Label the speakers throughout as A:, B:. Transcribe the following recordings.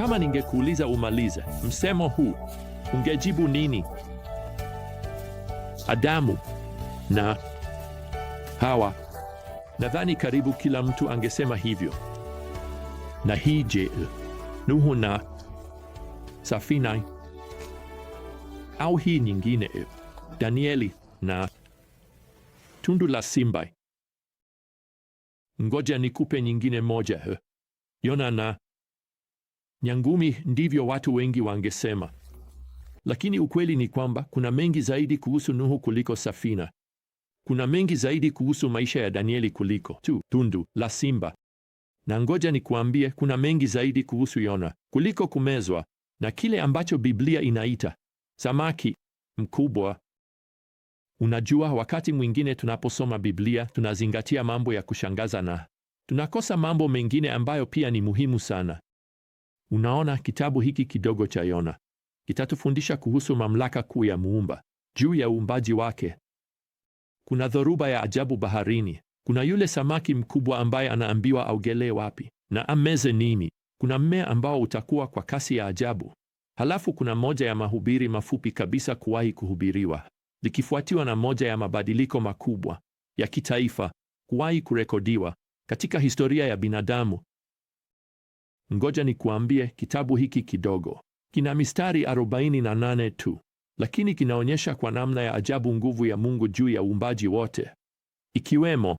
A: Kama ningekuuliza umalize msemo huu, ungejibu nini? Adamu na Hawa. Nadhani karibu kila mtu angesema hivyo. Na hii je, Nuhu na safina, au hii nyingine, Danieli na tundu la simba? Ngoja nikupe nyingine moja, Yona na nyangumi, ndivyo watu wengi wangesema. Lakini ukweli ni kwamba kuna mengi zaidi kuhusu Nuhu kuliko safina. Kuna mengi zaidi kuhusu maisha ya Danieli kuliko tu tundu la simba. Na ngoja nikuambie, kuna mengi zaidi kuhusu Yona kuliko kumezwa na kile ambacho Biblia inaita samaki mkubwa. Unajua, wakati mwingine tunaposoma Biblia tunazingatia mambo ya kushangaza na tunakosa mambo mengine ambayo pia ni muhimu sana. Unaona, kitabu hiki kidogo cha Yona kitatufundisha kuhusu mamlaka kuu ya Muumba juu ya uumbaji wake. Kuna dhoruba ya ajabu baharini. Kuna yule samaki mkubwa ambaye anaambiwa augelee wapi na ameze nini. Kuna mmea ambao utakuwa kwa kasi ya ajabu. Halafu kuna moja ya mahubiri mafupi kabisa kuwahi kuhubiriwa, likifuatiwa na moja ya mabadiliko makubwa ya kitaifa kuwahi kurekodiwa katika historia ya binadamu. Ngoja nikuambie, kitabu hiki kidogo kina mistari 48 tu, lakini kinaonyesha kwa namna ya ajabu nguvu ya Mungu juu ya uumbaji wote, ikiwemo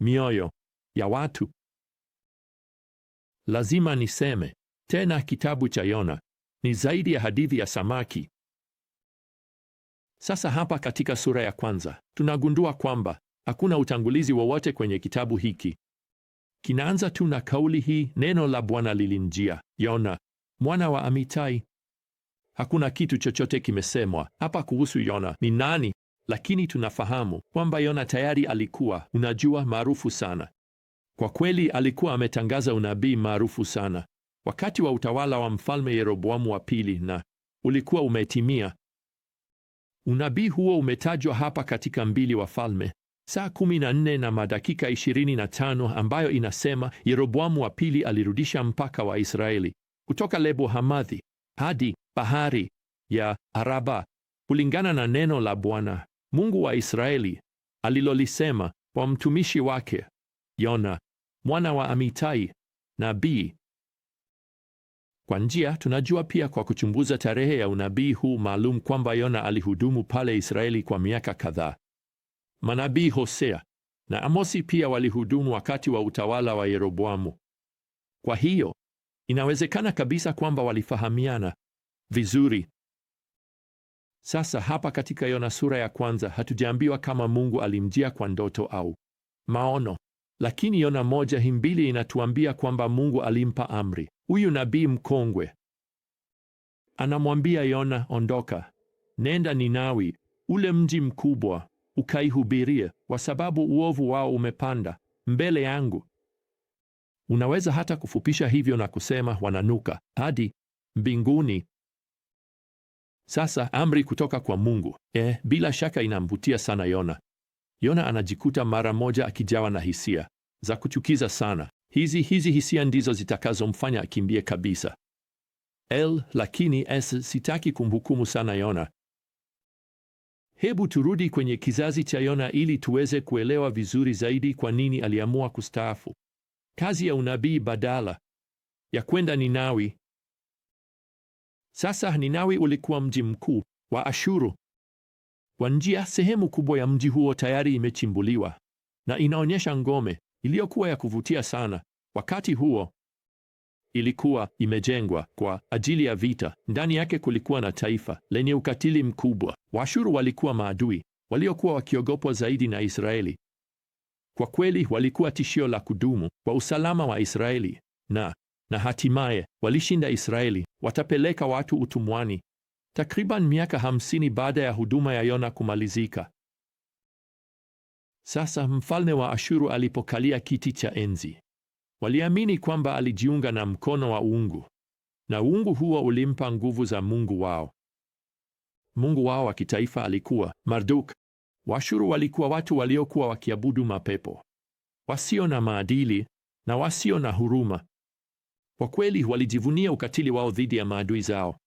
A: mioyo ya watu. Lazima niseme tena, kitabu cha Yona ni zaidi ya hadithi ya samaki. Sasa hapa katika sura ya kwanza tunagundua kwamba hakuna utangulizi wowote kwenye kitabu hiki. Kinaanza tu na kauli hii, neno la Bwana lilinjia Yona mwana wa Amitai. Hakuna kitu chochote kimesemwa hapa kuhusu Yona ni nani, lakini tunafahamu kwamba Yona tayari alikuwa, unajua, maarufu sana. Kwa kweli alikuwa ametangaza unabii maarufu sana wakati wa utawala wa mfalme Yeroboamu wa pili, na ulikuwa umetimia. Unabii huo umetajwa hapa katika mbili Wafalme saa kumi na nne na madakika ishirini na tano ambayo inasema Yeroboamu wa pili alirudisha mpaka wa Israeli kutoka Lebo Hamadhi hadi bahari ya Araba kulingana na neno la Bwana Mungu wa Israeli alilolisema kwa mtumishi wake Yona mwana wa Amitai nabii. Kwa njia, tunajua pia kwa kuchunguza tarehe ya unabii huu maalum kwamba Yona alihudumu pale Israeli kwa miaka kadhaa. Manabii Hosea na Amosi pia walihudumu wakati wa utawala wa Yeroboamu. Kwa hiyo inawezekana kabisa kwamba walifahamiana vizuri. Sasa hapa katika Yona sura ya kwanza hatujaambiwa kama Mungu alimjia kwa ndoto au maono, lakini Yona moja himbili inatuambia kwamba Mungu alimpa amri. Huyu nabii mkongwe anamwambia Yona, ondoka, nenda Ninawi, ule mji mkubwa ukaihubirie, kwa sababu uovu wao umepanda mbele yangu. Unaweza hata kufupisha hivyo na kusema wananuka hadi mbinguni. Sasa amri kutoka kwa Mungu eh, bila shaka inamvutia sana Yona. Yona anajikuta mara moja akijawa na hisia za kuchukiza sana. Hizi hizi hisia ndizo zitakazomfanya akimbie kabisa. L, lakini s, sitaki kumhukumu sana Yona Hebu turudi kwenye kizazi cha Yona ili tuweze kuelewa vizuri zaidi kwa nini aliamua kustaafu kazi ya unabii badala ya kwenda Ninawi. Sasa Ninawi ulikuwa mji mkuu wa Ashuru. Kwa njia, sehemu kubwa ya mji huo tayari imechimbuliwa na inaonyesha ngome iliyokuwa ya kuvutia sana wakati huo ilikuwa imejengwa kwa ajili ya vita. Ndani yake kulikuwa na taifa lenye ukatili mkubwa. Washuru walikuwa maadui waliokuwa wakiogopwa zaidi na Israeli. Kwa kweli walikuwa tishio la kudumu kwa usalama wa Israeli, na na hatimaye walishinda Israeli. Watapeleka watu utumwani takriban miaka hamsini baada ya huduma ya Yona kumalizika. Sasa mfalme wa Ashuru alipokalia kiti cha enzi Waliamini kwamba alijiunga na mkono wa uungu na uungu huo ulimpa nguvu za mungu wao. Mungu wao wa kitaifa alikuwa Marduk. Washuru walikuwa watu waliokuwa wakiabudu mapepo wasio na maadili na wasio na huruma. Kwa kweli walijivunia ukatili wao dhidi ya maadui zao.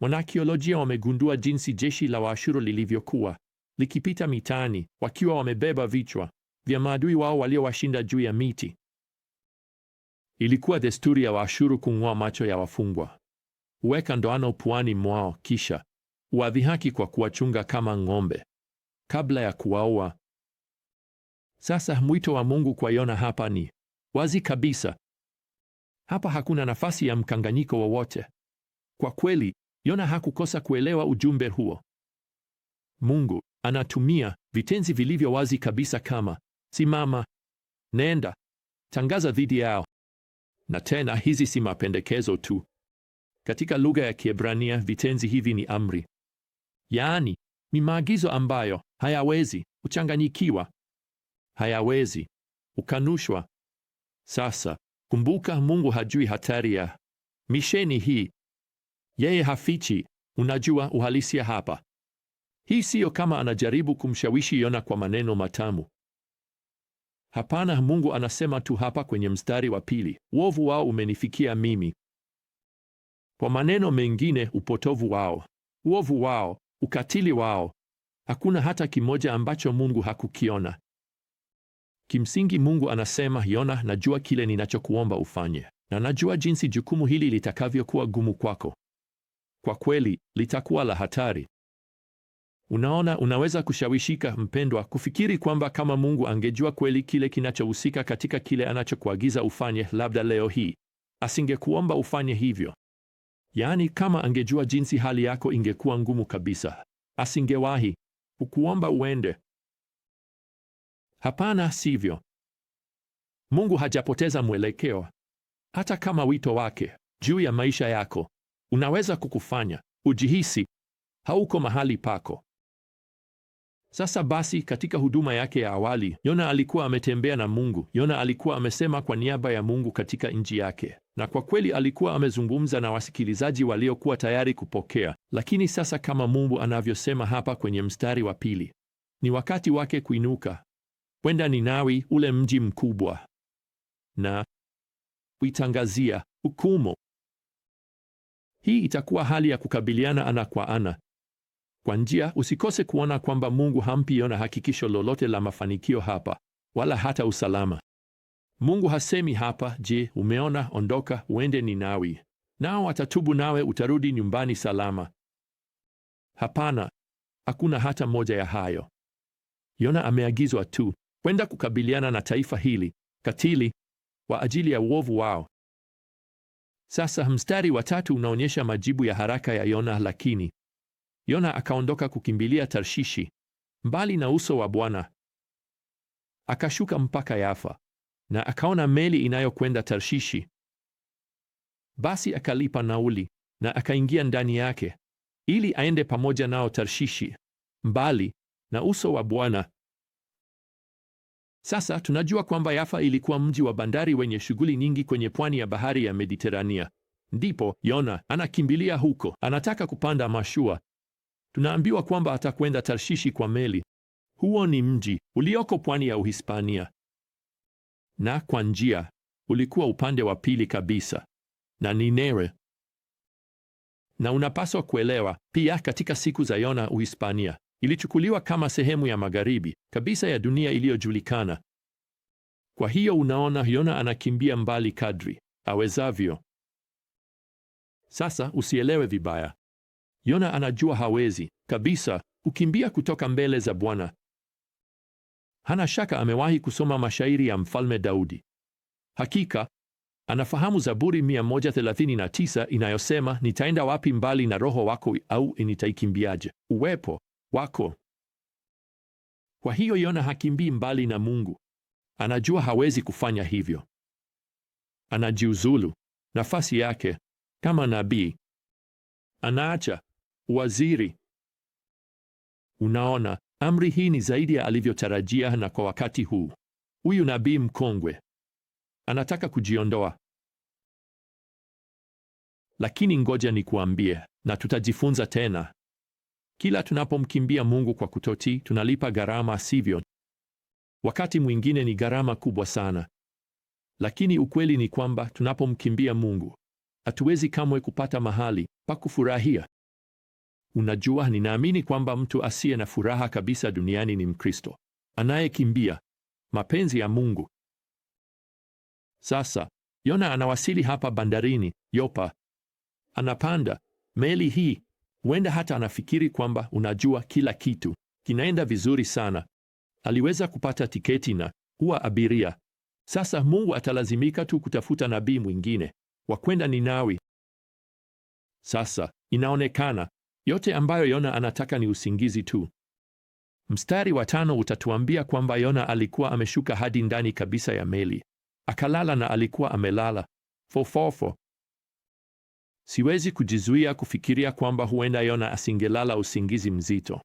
A: Wanaakiolojia wamegundua jinsi jeshi la Waashuru lilivyokuwa likipita mitaani wakiwa wamebeba vichwa vya maadui wao waliowashinda juu ya miti. Ilikuwa desturi ya Waashuru kung'oa macho ya wafungwa, huweka ndoano puani mwao, kisha wadhihaki kwa kuwachunga kama ng'ombe kabla ya kuwaua. Sasa mwito wa Mungu kwa Yona hapa ni wazi kabisa. Hapa hakuna nafasi ya mkanganyiko wowote. Kwa kweli, Yona hakukosa kuelewa ujumbe huo. Mungu anatumia vitenzi vilivyo wazi kabisa kama simama, nenda, tangaza dhidi yao. Na tena hizi si mapendekezo tu. Katika lugha ya Kiebrania vitenzi hivi ni amri, yaani ni maagizo ambayo hayawezi kuchanganyikiwa, hayawezi ukanushwa. Sasa kumbuka, Mungu hajui hatari ya misheni hii, yeye hafichi. Unajua uhalisia hapa. Hii siyo kama anajaribu kumshawishi Yona kwa maneno matamu. Hapana, Mungu anasema tu hapa kwenye mstari wa pili, uovu wao umenifikia mimi. Kwa maneno mengine, upotovu wao, uovu wao, ukatili wao, hakuna hata kimoja ambacho Mungu hakukiona. Kimsingi, Mungu anasema, Yona, najua kile ninachokuomba ufanye na najua jinsi jukumu hili litakavyokuwa gumu kwako. Kwa kweli litakuwa la hatari. Unaona, unaweza kushawishika mpendwa, kufikiri kwamba kama Mungu angejua kweli kile kinachohusika katika kile anachokuagiza ufanye, labda leo hii asingekuomba ufanye hivyo. Yaani, kama angejua jinsi hali yako ingekuwa ngumu kabisa, asingewahi kukuomba uende. Hapana, sivyo. Mungu hajapoteza mwelekeo, hata kama wito wake juu ya maisha yako unaweza kukufanya ujihisi hauko mahali pako. Sasa basi, katika huduma yake ya awali, Yona alikuwa ametembea na Mungu. Yona alikuwa amesema kwa niaba ya Mungu katika nchi yake, na kwa kweli alikuwa amezungumza na wasikilizaji waliokuwa tayari kupokea. Lakini sasa, kama Mungu anavyosema hapa kwenye mstari wa pili, ni wakati wake kuinuka kwenda Ninawi, ule mji mkubwa, na kuitangazia hukumu. Hii itakuwa hali ya kukabiliana ana kwa ana kwa njia, usikose kuona kwamba Mungu hampi Yona hakikisho lolote la mafanikio hapa, wala hata usalama. Mungu hasemi hapa, je, umeona? Ondoka uende Ninawi, nao watatubu nawe utarudi nyumbani salama. Hapana, hakuna hata moja ya hayo. Yona ameagizwa tu kwenda kukabiliana na taifa hili katili kwa ajili ya uovu wao. Sasa mstari wa tatu unaonyesha majibu ya haraka ya Yona, lakini Yona akaondoka kukimbilia Tarshishi, mbali na uso wa Bwana. Akashuka mpaka Yafa na akaona meli inayokwenda Tarshishi. Basi akalipa nauli na akaingia ndani yake ili aende pamoja nao Tarshishi, mbali na uso wa Bwana. Sasa tunajua kwamba Yafa ilikuwa mji wa bandari wenye shughuli nyingi kwenye pwani ya bahari ya Mediterania. Ndipo Yona anakimbilia huko, anataka kupanda mashua Tunaambiwa kwamba atakwenda Tarshishi kwa meli. Huo ni mji ulioko pwani ya Uhispania, na kwa njia ulikuwa upande wa pili kabisa na Ninere. Na unapaswa kuelewa pia, katika siku za Yona, Uhispania ilichukuliwa kama sehemu ya magharibi kabisa ya dunia iliyojulikana. Kwa hiyo unaona, Yona anakimbia mbali kadri awezavyo. Sasa usielewe vibaya. Yona anajua hawezi kabisa kukimbia kutoka mbele za Bwana. Hana shaka amewahi kusoma mashairi ya Mfalme Daudi. Hakika anafahamu Zaburi 139 inayosema, nitaenda wapi mbali na roho wako, au nitaikimbiaje uwepo wako? Kwa hiyo Yona hakimbii mbali na Mungu. Anajua hawezi kufanya hivyo. Anajiuzulu nafasi yake kama nabii, anaacha waziri. Unaona, amri hii ni zaidi ya alivyotarajia, na kwa wakati huu huyu nabii mkongwe anataka kujiondoa. Lakini ngoja nikuambie, na tutajifunza tena, kila tunapomkimbia Mungu kwa kutotii, tunalipa gharama, sivyo? Wakati mwingine ni gharama kubwa sana, lakini ukweli ni kwamba tunapomkimbia Mungu hatuwezi kamwe kupata mahali pa kufurahia. Unajua, ninaamini kwamba mtu asiye na furaha kabisa duniani ni Mkristo anayekimbia mapenzi ya Mungu. Sasa Yona anawasili hapa bandarini Yopa. Anapanda meli hii, huenda hata anafikiri kwamba unajua, kila kitu kinaenda vizuri sana. Aliweza kupata tiketi na kuwa abiria. Sasa Mungu atalazimika tu kutafuta nabii mwingine wa kwenda Ninawi. Sasa inaonekana yote ambayo Yona anataka ni usingizi tu. Mstari wa tano utatuambia kwamba Yona alikuwa ameshuka hadi ndani kabisa ya meli, akalala na alikuwa amelala fofofo. Siwezi kujizuia kufikiria kwamba huenda Yona asingelala usingizi mzito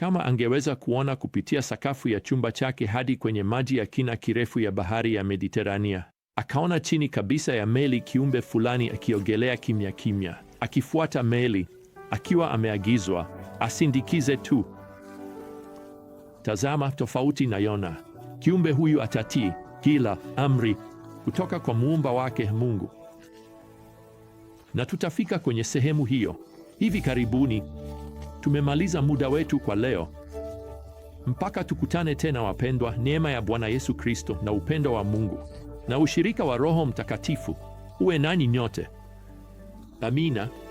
A: kama angeweza kuona kupitia sakafu ya chumba chake hadi kwenye maji ya kina kirefu ya bahari ya Mediterania. Akaona chini kabisa ya meli kiumbe fulani akiogelea kimya kimya, akifuata meli akiwa ameagizwa asindikize tu. Tazama, tofauti na Yona, kiumbe huyu atatii kila amri kutoka kwa muumba wake Mungu. Na tutafika kwenye sehemu hiyo hivi karibuni. Tumemaliza muda wetu kwa leo. Mpaka tukutane tena, wapendwa, neema ya Bwana Yesu Kristo na upendo wa Mungu na ushirika wa Roho Mtakatifu uwe nani nyote. Amina.